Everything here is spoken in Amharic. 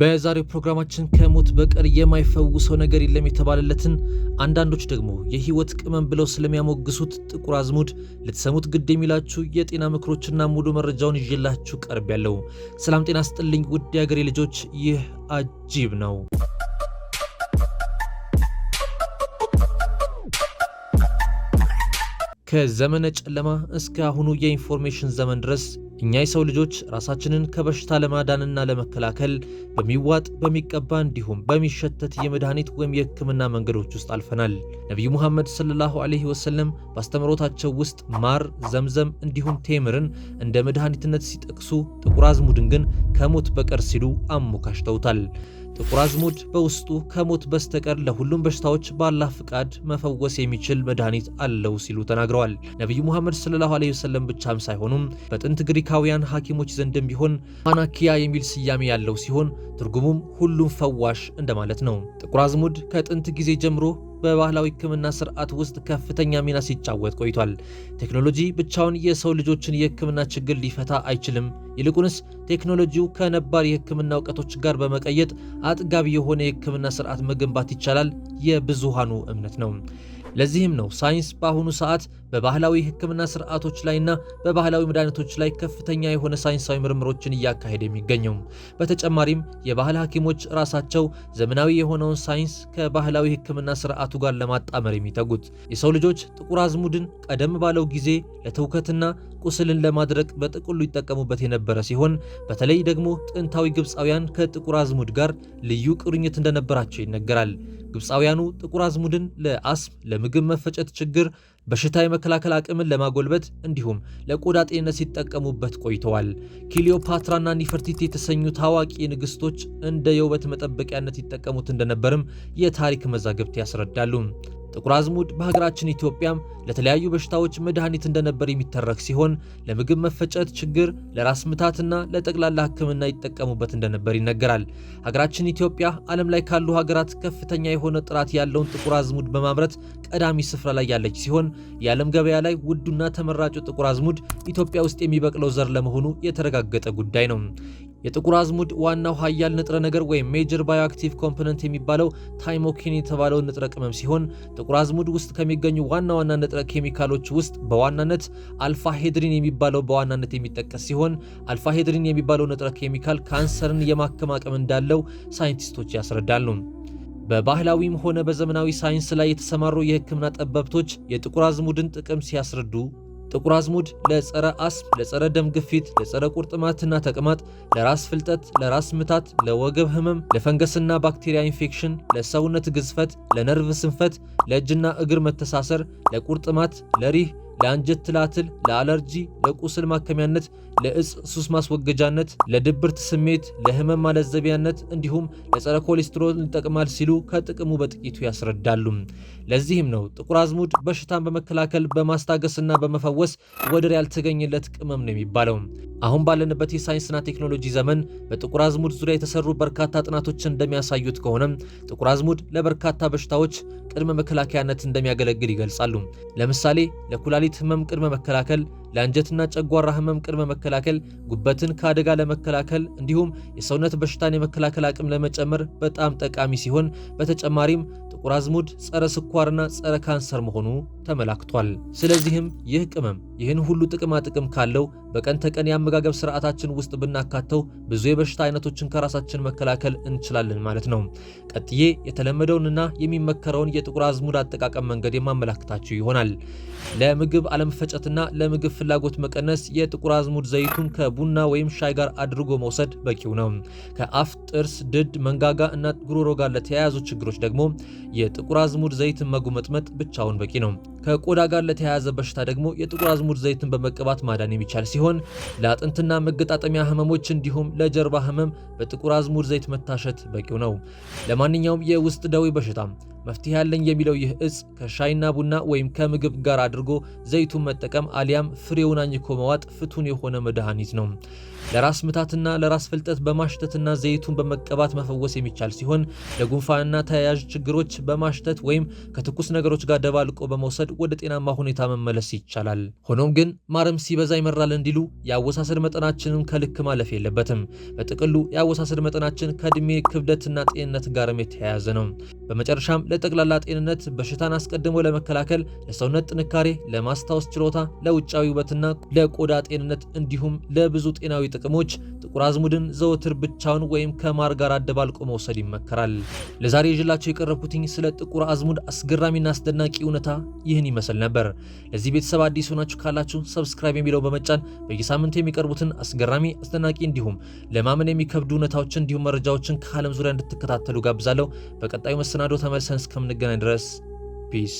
በዛሬው ፕሮግራማችን ከሞት በቀር የማይፈውሰው ነገር የለም የተባለለትን አንዳንዶች ደግሞ የህይወት ቅመም ብለው ስለሚያሞግሱት ጥቁር አዝሙድ ልትሰሙት ግድ የሚላችሁ የጤና ምክሮችና ሙሉ መረጃውን ይዤላችሁ ቀርብ ያለው። ሰላም ጤና ስጥልኝ ውድ የአገሬ ልጆች፣ ይህ አጂብ ነው። ከዘመነ ጨለማ እስከ አሁኑ የኢንፎርሜሽን ዘመን ድረስ እኛ የሰው ልጆች ራሳችንን ከበሽታ ለማዳንና ለመከላከል በሚዋጥ በሚቀባ እንዲሁም በሚሸተት የመድኃኒት ወይም የሕክምና መንገዶች ውስጥ አልፈናል። ነቢዩ ሙሐመድ ሰለላሁ አለህ ወሰለም በአስተምሮታቸው ውስጥ ማር፣ ዘምዘም እንዲሁም ቴምርን እንደ መድኃኒትነት ሲጠቅሱ ጥቁር አዝሙድን ግን ከሞት በቀር ሲሉ አሞካሽተውታል። ጥቁር አዝሙድ በውስጡ ከሞት በስተቀር ለሁሉም በሽታዎች ባላ ፍቃድ መፈወስ የሚችል መድኃኒት አለው ሲሉ ተናግረዋል። ነቢዩ ሙሐመድ ሰለላሁ ዐለይሂ ወሰለም ብቻም ሳይሆኑም በጥንት ግሪካውያን ሐኪሞች ዘንድም ቢሆን ፓናኪያ የሚል ስያሜ ያለው ሲሆን ትርጉሙም ሁሉም ፈዋሽ እንደማለት ነው። ጥቁር አዝሙድ ከጥንት ጊዜ ጀምሮ በባህላዊ ሕክምና ስርዓት ውስጥ ከፍተኛ ሚና ሲጫወት ቆይቷል። ቴክኖሎጂ ብቻውን የሰው ልጆችን የሕክምና ችግር ሊፈታ አይችልም። ይልቁንስ ቴክኖሎጂው ከነባር የሕክምና እውቀቶች ጋር በመቀየጥ አጥጋቢ የሆነ የሕክምና ስርዓት መገንባት ይቻላል የብዙሃኑ እምነት ነው። ለዚህም ነው ሳይንስ በአሁኑ ሰዓት በባህላዊ ሕክምና ስርዓቶች ላይና በባህላዊ መድኃኒቶች ላይ ከፍተኛ የሆነ ሳይንሳዊ ምርምሮችን እያካሄደ የሚገኘው። በተጨማሪም የባህል ሐኪሞች ራሳቸው ዘመናዊ የሆነውን ሳይንስ ከባህላዊ ሕክምና ስርዓቱ ጋር ለማጣመር የሚተጉት። የሰው ልጆች ጥቁር አዝሙድን ቀደም ባለው ጊዜ ለትውከትና ቁስልን ለማድረቅ በጥቅሉ ይጠቀሙበት የነበረ ሲሆን በተለይ ደግሞ ጥንታዊ ግብፃውያን ከጥቁር አዝሙድ ጋር ልዩ ቁርኝት እንደነበራቸው ይነገራል። ግብፃውያኑ ጥቁር አዝሙድን ለአስም፣ ለምግብ የምግብ መፈጨት ችግር በሽታ የመከላከል አቅምን ለማጎልበት እንዲሁም ለቆዳ ጤንነት ሲጠቀሙበት ቆይተዋል። ኪሊዮፓትራና ኒፈርቲቲ የተሰኙ ታዋቂ ንግስቶች እንደ የውበት መጠበቂያነት ይጠቀሙት እንደነበርም የታሪክ መዛግብት ያስረዳሉ። ጥቁር አዝሙድ በሀገራችን ኢትዮጵያም ለተለያዩ በሽታዎች መድኃኒት እንደነበር የሚተረክ ሲሆን ለምግብ መፈጨት ችግር፣ ለራስ ምታትና ለጠቅላላ ሕክምና ይጠቀሙበት እንደነበር ይነገራል። ሀገራችን ኢትዮጵያ ዓለም ላይ ካሉ ሀገራት ከፍተኛ የሆነ ጥራት ያለውን ጥቁር አዝሙድ በማምረት ቀዳሚ ስፍራ ላይ ያለች ሲሆን የዓለም ገበያ ላይ ውዱና ተመራጩ ጥቁር አዝሙድ ኢትዮጵያ ውስጥ የሚበቅለው ዘር ለመሆኑ የተረጋገጠ ጉዳይ ነው። የጥቁር አዝሙድ ዋናው ሀያል ንጥረ ነገር ወይም ሜጀር ባዮአክቲቭ ኮምፖነንት የሚባለው ታይሞኪን የተባለው ንጥረ ቅመም ሲሆን ጥቁር አዝሙድ ውስጥ ከሚገኙ ዋና ዋና ንጥረ ኬሚካሎች ውስጥ በዋናነት አልፋ ሄድሪን የሚባለው በዋናነት የሚጠቀስ ሲሆን አልፋ ሄድሪን የሚባለው ንጥረ ኬሚካል ካንሰርን የማከም አቅም እንዳለው ሳይንቲስቶች ያስረዳሉ። በባህላዊም ሆነ በዘመናዊ ሳይንስ ላይ የተሰማሩ የሕክምና ጠበብቶች የጥቁር አዝሙድን ጥቅም ሲያስረዱ ጥቁር አዝሙድ ለጸረ አስም፣ ለጸረ ደም ግፊት፣ ለጸረ ቁርጥማትና ተቅማጥ፣ ለራስ ፍልጠት፣ ለራስ ምታት፣ ለወገብ ህመም፣ ለፈንገስና ባክቴሪያ ኢንፌክሽን፣ ለሰውነት ግዝፈት፣ ለነርቭ ስንፈት፣ ለእጅና እግር መተሳሰር፣ ለቁርጥማት፣ ለሪህ ለአንጀት ትላትል፣ ለአለርጂ፣ ለቁስል ማከሚያነት፣ ለእጽ ሱስ ማስወገጃነት፣ ለድብርት ስሜት፣ ለህመም ማለዘቢያነት እንዲሁም ለጸረ ኮሌስትሮል ይጠቅማል ሲሉ ከጥቅሙ በጥቂቱ ያስረዳሉ። ለዚህም ነው ጥቁር አዝሙድ በሽታን በመከላከል በማስታገስና በመፈወስ ወደር ያልተገኘለት ቅመም ነው የሚባለው። አሁን ባለንበት የሳይንስና ቴክኖሎጂ ዘመን በጥቁር አዝሙድ ዙሪያ የተሰሩ በርካታ ጥናቶች እንደሚያሳዩት ከሆነም ጥቁር አዝሙድ ለበርካታ በሽታዎች ቅድመ መከላከያነት እንደሚያገለግል ይገልጻሉ። ለምሳሌ ለኩላሊት ህመም ቅድመ መከላከል፣ ለአንጀትና ጨጓራ ህመም ቅድመ መከላከል፣ ጉበትን ከአደጋ ለመከላከል እንዲሁም የሰውነት በሽታን የመከላከል አቅም ለመጨመር በጣም ጠቃሚ ሲሆን በተጨማሪም ጥቁር አዝሙድ ጸረ ስኳርና ጸረ ካንሰር መሆኑ ተመላክቷል። ስለዚህም ይህ ቅመም ይህን ሁሉ ጥቅማ ጥቅም ካለው በቀን ተቀን የአመጋገብ ስርዓታችን ውስጥ ብናካተው ብዙ የበሽታ አይነቶችን ከራሳችን መከላከል እንችላለን ማለት ነው። ቀጥዬ የተለመደውንና የሚመከረውን የጥቁር አዝሙድ አጠቃቀም መንገድ የማመላክታችሁ ይሆናል። ለምግብ አለመፈጨትና ለምግብ ፍላጎት መቀነስ የጥቁር አዝሙድ ዘይቱን ከቡና ወይም ሻይ ጋር አድርጎ መውሰድ በቂው ነው። ከአፍ፣ ጥርስ፣ ድድ፣ መንጋጋ እና ጉሮሮ ጋር ለተያያዙ ችግሮች ደግሞ የጥቁር አዝሙድ ዘይትን መጉመጥመጥ ብቻውን በቂ ነው። ከቆዳ ጋር ለተያያዘ በሽታ ደግሞ የጥቁር አዝሙድ ዘይትን በመቀባት ማዳን የሚቻል ሲሆን ለአጥንትና መገጣጠሚያ ህመሞች እንዲሁም ለጀርባ ህመም በጥቁር አዝሙድ ዘይት መታሸት በቂው ነው። ለማንኛውም የውስጥ ደዌ በሽታ መፍትሄ ያለኝ የሚለው ይህ እጽ ከሻይና ቡና ወይም ከምግብ ጋር አድርጎ ዘይቱን መጠቀም አሊያም ፍሬውን አኝኮ መዋጥ ፍቱን የሆነ መድኃኒት ነው። ለራስ ምታትና ለራስ ፍልጠት በማሽተትና ዘይቱን በመቀባት መፈወስ የሚቻል ሲሆን ለጉንፋንና ተያያዥ ችግሮች በማሽተት ወይም ከትኩስ ነገሮች ጋር ደባልቆ በመውሰድ ወደ ጤናማ ሁኔታ መመለስ ይቻላል። ሆኖም ግን ማረም ሲበዛ ይመራል እንዲሉ የአወሳሰድ መጠናችንም ከልክ ማለፍ የለበትም። በጥቅሉ የአወሳሰድ መጠናችን ከእድሜ ክብደትና ጤንነት ጋርም የተያያዘ ነው። በመጨረሻም ለጠቅላላ ጤንነት በሽታን አስቀድሞ ለመከላከል፣ ለሰውነት ጥንካሬ፣ ለማስታወስ ችሎታ፣ ለውጫዊ ውበትና ለቆዳ ጤንነት እንዲሁም ለብዙ ጤናዊ ጥቅሞች ጥቁር አዝሙድን ዘወትር ብቻውን ወይም ከማር ጋር አደባልቆ መውሰድ ይመከራል። ለዛሬ ይዤላቸው የቀረብኩትኝ ስለ ጥቁር አዝሙድ አስገራሚና አስደናቂ እውነታ ይህ ይህን ይመስል ነበር። ለዚህ ቤተሰብ አዲስ ሆናችሁ ካላችሁ ሰብስክራይብ የሚለው በመጫን በየሳምንቱ የሚቀርቡትን አስገራሚ፣ አስደናቂ እንዲሁም ለማመን የሚከብዱ እውነታዎችን እንዲሁም መረጃዎችን ከዓለም ዙሪያ እንድትከታተሉ ጋብዛለሁ። በቀጣዩ መሰናዶ ተመልሰን እስከምንገናኝ ድረስ ፒስ